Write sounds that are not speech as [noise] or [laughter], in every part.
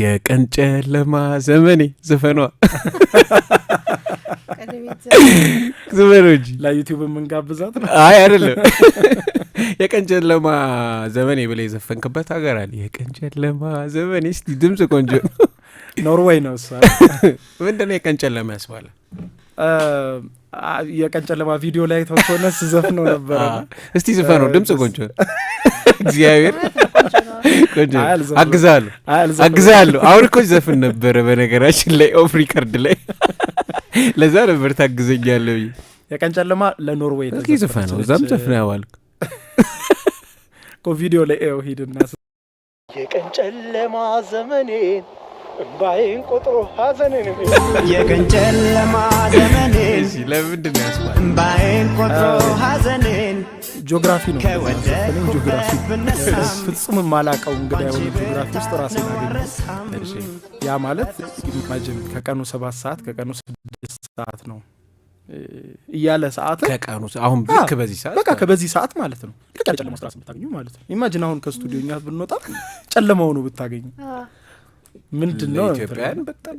የቀን ጨለማ ዘመኔ ዘፈኗ [laughs] ዘመኖች እንጂ ለዩቲዩብ የምንጋብዛት ነው። አይ አይደለም። [laughs] የቀን ጨለማ ዘመኔ ብለህ የዘፈንክበት ሀገር አለ። የቀን ጨለማ ዘመኔ። እስቲ ድምፅ ቆንጆ ኖርዌይ ነው። እሷ [laughs] ምንድን ነው የቀን ጨለማ ያስባለ የቀን ጨለማ ቪዲዮ ላይ ተሆነ ስዘፍነው ነበረ። እስቲ ዝፈነው፣ ድምፅ ቆንጆ እግዚአብሔር አግዛሉ አግዛለሁ። አሁን እኮ ዘፍን ነበረ በነገራችን ላይ ኦፍ ሪከርድ ላይ ለዛ ነበር ታግዘኛለህ። የቀን ጨለማ ለኖርዌይ ዘፋ ነው። እዛም ዘፍን ያዋል ቪዲዮ ላይ ው ሂድና የቀን ጨለማ ዘመኔን እምባዬን ቆጥሮ ሀዘንን የቀን ጨለማ ዘመኔን ለምንድን ያስባል እምባዬን ቆጥሮ ሐዘንን ጂኦግራፊ ነው እኔም ጂኦግራፊ ፍጹም የማላቀው እንግዳ የሆነ ጂኦግራፊ ውስጥ ራሴ ናገኝ ያ ማለት ኢማጅን ከቀኑ ሰባት ሰዓት ከቀኑ ስድስት ሰዓት ነው እያለ ሰዓት ከቀኑ አሁን ልክ በዚህ ሰዓት በቃ ከበዚህ ሰዓት ማለት ነው ልክ ያለ ጨለማ ስራ ብታገኙ ማለት ነው። ኢማጅን አሁን ከስቱዲዮ እኛ ብንወጣ [laughs] ጨለማው ነው ብታገኙ ምንድን ነው ኢትዮጵያን በጣም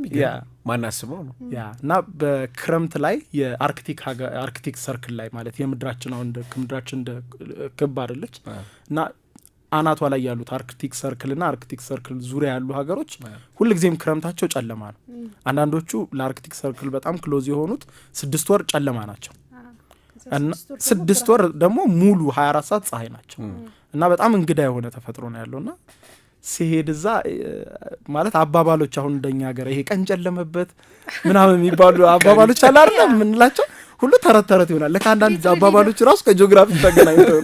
ማናስበው ነው ያ እና በክረምት ላይ የአርክቲክ አርክቲክ ሰርክል ላይ ማለት የምድራችን አሁን ከምድራችን እንደ ክብ አደለች እና አናቷ ላይ ያሉት አርክቲክ ሰርክልና አርክቲክ ሰርክል ዙሪያ ያሉ ሀገሮች ሁልጊዜም ክረምታቸው ጨለማ ነው። አንዳንዶቹ ለአርክቲክ ሰርክል በጣም ክሎዝ የሆኑት ስድስት ወር ጨለማ ናቸው። ስድስት ወር ደግሞ ሙሉ ሀያ አራት ሰዓት ፀሐይ ናቸው እና በጣም እንግዳ የሆነ ተፈጥሮ ነው ያለውና ሲሄድ እዛ ማለት አባባሎች አሁን እንደኛ ሀገር ይሄ ቀን ጨለመበት ምናምን የሚባሉ አባባሎች አለ አለ የምንላቸው ሁሉ ተረት ተረት ይሆናል። ለካ አንዳንድ አባባሎች ራሱ ከጂኦግራፊ ተገናኝተው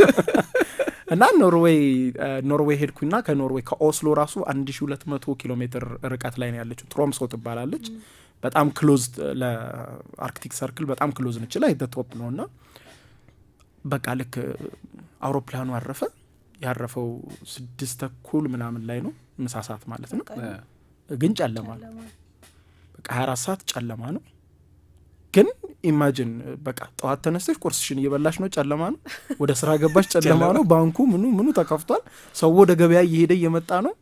እና ኖርዌይ ኖርዌይ ሄድኩና ከኖርዌይ ከኦስሎ ራሱ አንድ ሺ ሁለት መቶ ኪሎ ሜትር ርቀት ላይ ነው ያለችው። ትሮምሶ ትባላለች። በጣም ክሎዝ ለአርክቲክ ሰርክል በጣም ክሎዝ ነች። ላይ ቶፕ ነው እና በቃ ልክ አውሮፕላኑ አረፈ ያረፈው ስድስት ተኩል ምናምን ላይ ነው ምሳሳት ማለት ነው። ግን ጨለማ ነው፣ በቃ አራት ሰዓት ጨለማ ነው። ግን ኢማጅን በቃ ጠዋት ተነስተሽ ቁርስሽን እየበላሽ ነው፣ ጨለማ ነው። ወደ ስራ ገባሽ፣ [laughs] ጨለማ ነው። ባንኩ ምኑ ምኑ ተከፍቷል። ሰው ወደ ገበያ እየሄደ እየመጣ ነው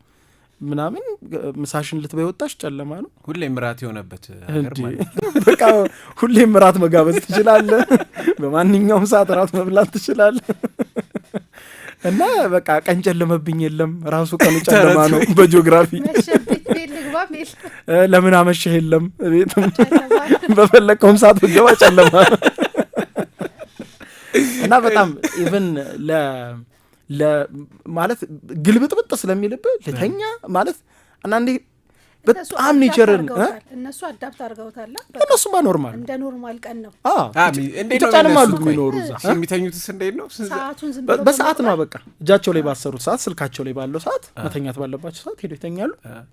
ምናምን ምሳሽን ልትበይ ወጣሽ፣ ጨለማ ነው። ሁሌ ምራት የሆነበት [laughs] በቃ ሁሌም ምራት መጋበዝ ትችላለህ። በማንኛውም ሰዓት ራት መብላት ትችላለህ። እና በቃ ቀን ጨለመብኝ የለም ራሱ ቀኑ ጨለማ ነው። በጂኦግራፊ ለምን አመሸህ የለም ቤትም በፈለግከውም ሰዓት ብትገባ ጨለማ ነው እና በጣም ኢቨን ለ ማለት ግልብጥብጥ ስለሚልብህ ልተኛ ማለት አንዳንዴ በጣም ኔቸርን እነሱ አዳፕት አድርገውታል። እነሱማ ኖርማል እንደ ኖርማል ቀን ነው ኢትዮጵያንም አሉ የሚኖሩ እዛ የሚተኙትስ እንዴት ነው? በሰዓት ነው በቃ እጃቸው ላይ ባሰሩት ሰዓት፣ ስልካቸው ላይ ባለው ሰዓት፣ መተኛት ባለባቸው ሰዓት ሄዶ ይተኛሉ።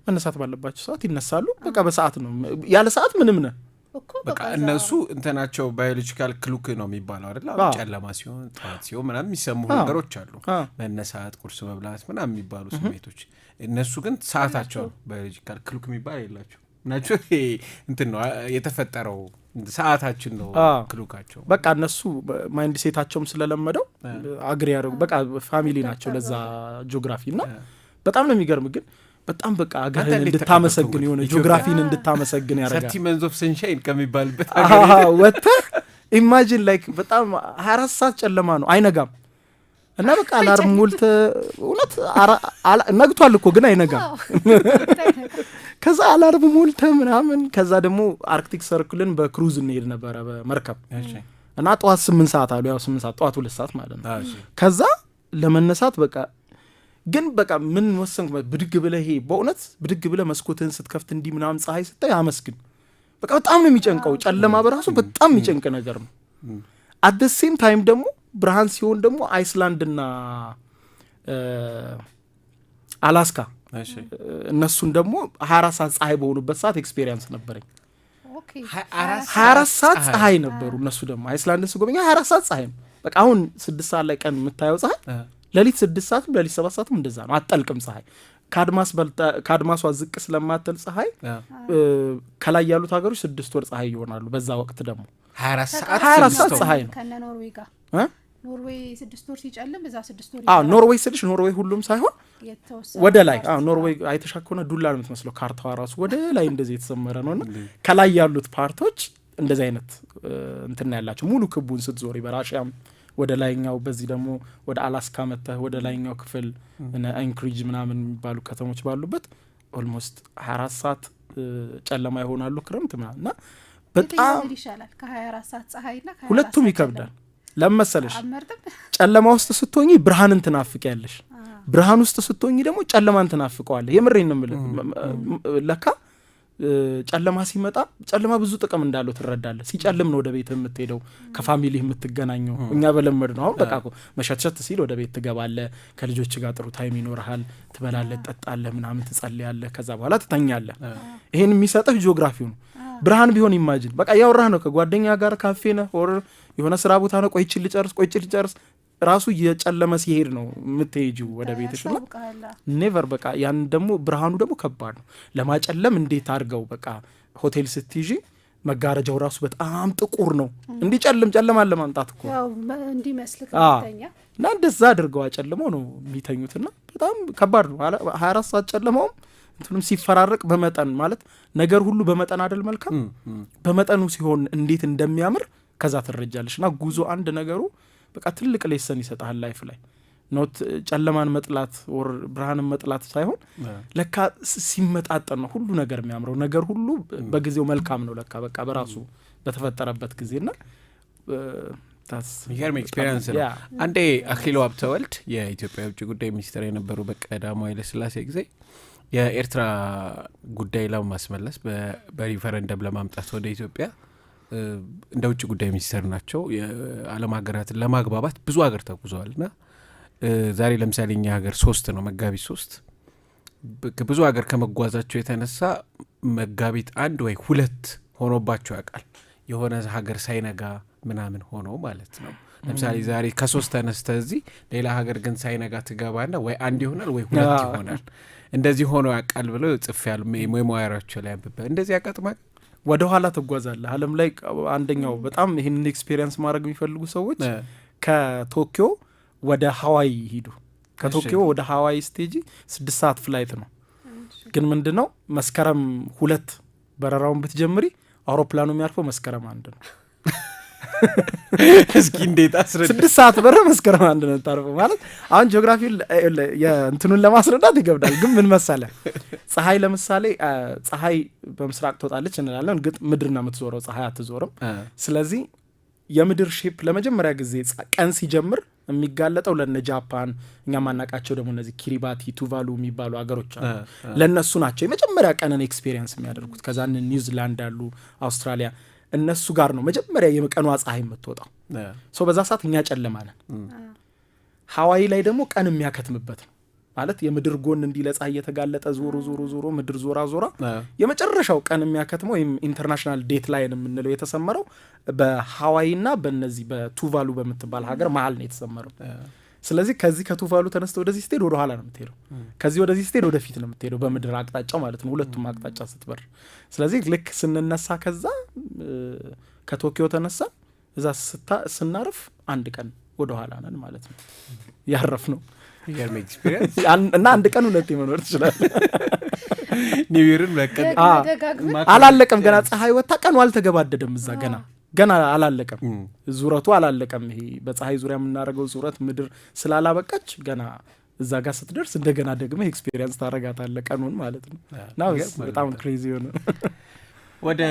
መነሳት ባለባቸው ሰዓት ይነሳሉ። በቃ በሰዓት ነው። ያለ ሰዓት ምንም ነህ በቃ እነሱ እንትናቸው ባዮሎጂካል ክሉክ ነው የሚባለው አይደለ? ጨለማ ሲሆን ጠዋት ሲሆን ምናምን የሚሰሙ ነገሮች አሉ፣ መነሳት፣ ቁርስ መብላት ምናምን የሚባሉ ስሜቶች። እነሱ ግን ሰዓታቸው ነው። ባዮሎጂካል ክሉክ የሚባል የላቸው ናቸው። እንትን ነው የተፈጠረው ሰዓታችን ነው ክሉካቸው። በቃ እነሱ ማይንድ ሴታቸውም ስለለመደው አግሪ ያደረጉ በቃ ፋሚሊ ናቸው ለዛ ጂኦግራፊ እና በጣም ነው የሚገርም ግን በጣም በቃ አገርህን እንድታመሰግን የሆነ ጂኦግራፊን እንድታመሰግን ያደርጋል። ሰርቲ መንዝ ኦፍ ሰንሻይን ከሚባልበት ወጥተህ ኢማጂን ላይክ በጣም ሀያ አራት ሰዓት ጨለማ ነው፣ አይነጋም እና በቃ አላርም ሞልተህ እውነት ነግቷል እኮ ግን አይነጋም። [laughs] ከዛ አላርም ሞልተ ምናምን ከዛ ደግሞ አርክቲክ ሰርክልን በክሩዝ እንሄድ ነበረ በመርከብ እና ጠዋት ስምንት ሰዓት አሉ ያው ስምንት ሰዓት ጠዋት ሁለት ሰዓት ማለት ነው። ከዛ ለመነሳት በቃ ግን በቃ ምን ወሰንኩ፣ ብድግ ብለ ይሄ በእውነት ብድግ ብለ መስኮትህን ስትከፍት እንዲህ ምናምን ፀሐይ ስታይ አመስግን። በቃ በጣም ነው የሚጨንቀው፣ ጨለማ በራሱ በጣም የሚጨንቅ ነገር ነው። አደ ሴም ታይም ደግሞ ብርሃን ሲሆን ደግሞ አይስላንድና አላስካ እነሱን ደግሞ ሀያ አራት ሰዓት ፀሐይ በሆኑበት ሰዓት ኤክስፔሪንስ ነበረኝ። ሀያ አራት ሰዓት ፀሐይ ነበሩ እነሱ ደግሞ አይስላንድን ስጎበኛ ሀያ አራት ሰዓት ፀሐይ ነው። በቃ አሁን ስድስት ሰዓት ላይ ቀን የምታየው ፀሐይ ሌሊት ስድስት ሰዓትም ሌሊት ሰባት ሰዓትም እንደዛ ነው። አጠልቅም ፀሐይ ከአድማሷ ዝቅ ስለማትል ፀሐይ ከላይ ያሉት ሀገሮች ስድስት ወር ፀሐይ ይሆናሉ። በዛ ወቅት ደግሞ ሀያ አራት ሰዓት ፀሐይ ነው። ኖርዌይ ስድስት ወር ሲጨልም እዛ ስድስት ወር ኖርዌይ ስልሽ ኖርዌይ ሁሉም ሳይሆን ወደ ላይ ኖርዌይ አይተሻ ከሆነ ዱላ ነው የምትመስለው ካርታዋ ራሱ ወደ ላይ እንደዚህ የተሰመረ ነው እና ከላይ ያሉት ፓርቶች እንደዚህ አይነት እንትና ያላቸው ሙሉ ክቡን ስትዞሪ በራሽያም ወደ ላይኛው በዚህ ደግሞ ወደ አላስካ መተህ ወደ ላይኛው ክፍል አንክሪጅ ምናምን የሚባሉ ከተሞች ባሉበት ኦልሞስት ሀያ አራት ሰዓት ጨለማ ይሆናሉ ክረምት ምናምን እና በጣም ሁለቱም ይከብዳል። ለመሰለሽ ጨለማ ውስጥ ስትሆኝ ብርሃንን ትናፍቂያለሽ፣ ብርሃን ውስጥ ስትሆኝ ደግሞ ጨለማን ትናፍቀዋለህ። የምሬን ነው የምልህ ለካ ጨለማ ሲመጣ ጨለማ ብዙ ጥቅም እንዳለው ትረዳለ ሲጨልም ነው ወደ ቤት የምትሄደው፣ ከፋሚሊ የምትገናኘው። እኛ በለመድ ነው። አሁን በቃ መሸትሸት ሲል ወደ ቤት ትገባለ፣ ከልጆች ጋር ጥሩ ታይም ይኖርሃል፣ ትበላለ፣ ጠጣለ፣ ምናምን ትጸልያለ፣ ከዛ በኋላ ትተኛለ። ይሄን የሚሰጥህ ጂኦግራፊው ነው። ብርሃን ቢሆን ኢማጅን በቃ ያወራህ ነው ከጓደኛ ጋር ካፌ ነህ፣ የሆነ ስራ ቦታ ነው። ቆይችን ልጨርስ ቆይችል ልጨርስ ራሱ እየጨለመ ሲሄድ ነው የምትሄጂው ወደ ቤትሽ ኔቨር በቃ ያን ደግሞ ብርሃኑ ደግሞ ከባድ ነው ለማጨለም እንዴት አድርገው በቃ ሆቴል ስትይዥ መጋረጃው ራሱ በጣም ጥቁር ነው። እንዲጨልም ጨለማ ለማምጣት እኮ እና እንደዛ አድርገው አጨልመው ነው የሚተኙትና በጣም ከባድ ነው። ሀያ አራት ሰዓት ጨልመውም እንትንም ሲፈራረቅ በመጠን ማለት ነገር ሁሉ በመጠን አደል መልካም፣ በመጠኑ ሲሆን እንዴት እንደሚያምር ከዛ ትረጃለሽ። እና ጉዞ አንድ ነገሩ በቃ ትልቅ ሌሰን ይሰጣል ላይፍ ላይ ኖት ጨለማን መጥላት ወር ብርሃንን መጥላት ሳይሆን ለካ ሲመጣጠን ነው ሁሉ ነገር የሚያምረው። ነገር ሁሉ በጊዜው መልካም ነው ለካ በቃ በራሱ በተፈጠረበት ና ሚገርም ኤክስፔሪንስ ነው። አንዴ አክሊሉ ሀብተወልድ የኢትዮጵያ የውጭ ጉዳይ ሚኒስትር የነበሩ ኃይለ ስላሴ ጊዜ የኤርትራ ጉዳይ ለማስመለስ በሪፈረንደም ለማምጣት ወደ ኢትዮጵያ እንደ ውጭ ጉዳይ ሚኒስተር ናቸው። የዓለም ሀገራትን ለማግባባት ብዙ ሀገር ተጉዘዋል እና ዛሬ ለምሳሌ እኛ ሀገር ሶስት ነው መጋቢት ሶስት ብዙ ሀገር ከመጓዛቸው የተነሳ መጋቢት አንድ ወይ ሁለት ሆኖባቸው ያውቃል። የሆነ ሀገር ሳይነጋ ምናምን ሆኖ ማለት ነው። ለምሳሌ ዛሬ ከሶስት ተነስተ እዚህ ሌላ ሀገር ግን ሳይነጋ ትገባና ወይ አንድ ይሆናል ወይ ሁለት ይሆናል። እንደዚህ ሆኖ ያውቃል ብለው ጽፌያለሁ ሜሞያራቸው ላይ አንብቤ እንደዚህ ያጋጥማል ወደ ኋላ ትጓዛለህ። ዓለም ላይ አንደኛው በጣም ይህንን ኤክስፔሪንስ ማድረግ የሚፈልጉ ሰዎች ከቶኪዮ ወደ ሀዋይ ሂዱ። ከቶኪዮ ወደ ሀዋይ ስቴጂ ስድስት ሰዓት ፍላይት ነው። ግን ምንድ ነው መስከረም ሁለት በረራውን ብትጀምሪ አውሮፕላኑ የሚያርፈው መስከረም አንድ ነው። [laughs] እስኪ እንዴት አስረዳ። ስድስት ሰዓት በረ መስከረም አንድ ነው የምታርፈው ማለት አሁን ጂኦግራፊውን እንትኑን ለማስረዳት ይገብዳል። ግን ምን መሳለህ ፀሐይ ለምሳሌ ፀሐይ በምስራቅ ትወጣለች እንላለን፣ ግን ምድር ነው የምትዞረው፣ ፀሐይ አትዞርም። ስለዚህ የምድር ሼፕ ለመጀመሪያ ጊዜ ቀን ሲጀምር የሚጋለጠው ለነ ጃፓን እኛ ማናቃቸው ደግሞ እነዚህ ኪሪባቲ ቱቫሉ የሚባሉ አገሮች አሉ። ለእነሱ ናቸው የመጀመሪያ ቀንን ኤክስፔሪየንስ የሚያደርጉት። ከዛን ኒውዚላንድ አሉ፣ አውስትራሊያ እነሱ ጋር ነው መጀመሪያ የቀኗ ፀሐይ የምትወጣው። ሰው በዛ ሰዓት እኛ ጨለማ ነን። ሀዋይ ላይ ደግሞ ቀን የሚያከትምበት ነው ማለት የምድር ጎን እንዲህ ለፀሐይ እየተጋለጠ ዞሮ ዞሮ ዞሮ ምድር ዞራ ዞራ የመጨረሻው ቀን የሚያከትመው ወይም ኢንተርናሽናል ዴት ላይን የምንለው የተሰመረው በሀዋይና በነዚህ በቱቫሉ በምትባል ሀገር መሀል ነው የተሰመረው። ስለዚህ ከዚህ ከቱፋሉ ተነስተ ወደዚህ ስትሄድ ወደ ኋላ ነው የምትሄደው፣ ከዚህ ወደዚህ ስትሄድ ወደፊት ነው የምትሄደው፣ በምድር አቅጣጫው ማለት ነው፣ ሁለቱም አቅጣጫ ስትበር። ስለዚህ ልክ ስንነሳ ከዛ ከቶኪዮ ተነሳ እዛ ስናርፍ አንድ ቀን ወደ ኋላ ነን ማለት ነው ያረፍ ነው እና አንድ ቀን ሁለት መኖር ትችላለህ። ኒውይርን አላለቀም ገና ፀሐይ ወታ ቀኑ አልተገባደደም እዛ ገና ገና አላለቀም፣ ዙረቱ አላለቀም። ይሄ በፀሐይ ዙሪያ የምናደርገው ዙረት ምድር ስላላበቃች ገና እዛ ጋር ስትደርስ እንደገና ደግመ ኤክስፔሪንስ ታረጋታለህ ቀኑን ማለት ነው። እና በጣም ክሬዚ የሆነ